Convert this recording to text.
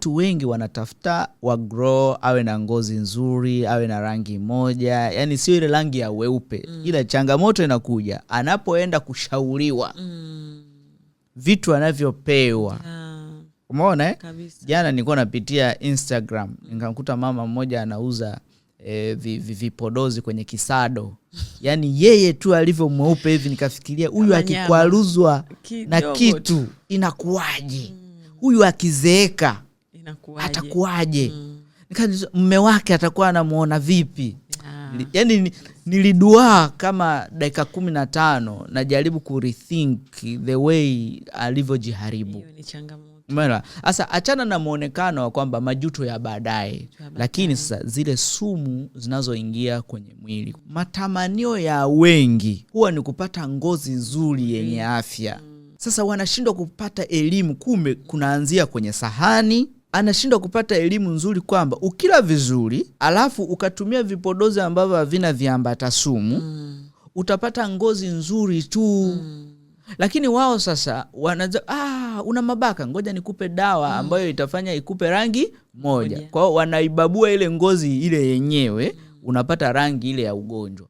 watu wengi wanatafuta wa grow awe na ngozi nzuri, awe na rangi moja, yani sio ile rangi ya weupe mm. Ila changamoto inakuja anapoenda kushauriwa mm. vitu anavyopewa yeah. Umeona eh? jana nilikuwa napitia Instagram nikamkuta mama mmoja anauza E, eh, vipodozi vi, vi kwenye kisado yaani yeye tu alivyo mweupe hivi, nikafikiria huyu akikwaruzwa na kitu inakuwaje? Mm. Huyu akizeeka atakuwaje? mm. Mme wake atakuwa anamwona vipi? yeah. Yani niliduaa kama dakika kumi na tano najaribu kurethink the way alivyojiharibu. Sasa achana na mwonekano wa kwamba majuto ya baadaye, lakini sasa zile sumu zinazoingia kwenye mwili. Matamanio ya wengi huwa ni kupata ngozi nzuri mm. yenye afya. Sasa wanashindwa kupata elimu, kumbe kunaanzia kwenye sahani anashindwa kupata elimu nzuri kwamba ukila vizuri alafu ukatumia vipodozi ambavyo havina viambata sumu mm. utapata ngozi nzuri tu mm. Lakini wao sasa wanaza, ah, una mabaka, ngoja nikupe dawa mm. ambayo itafanya ikupe rangi moja. kwao wanaibabua ile ngozi ile yenyewe, mm. unapata rangi ile ya ugonjwa.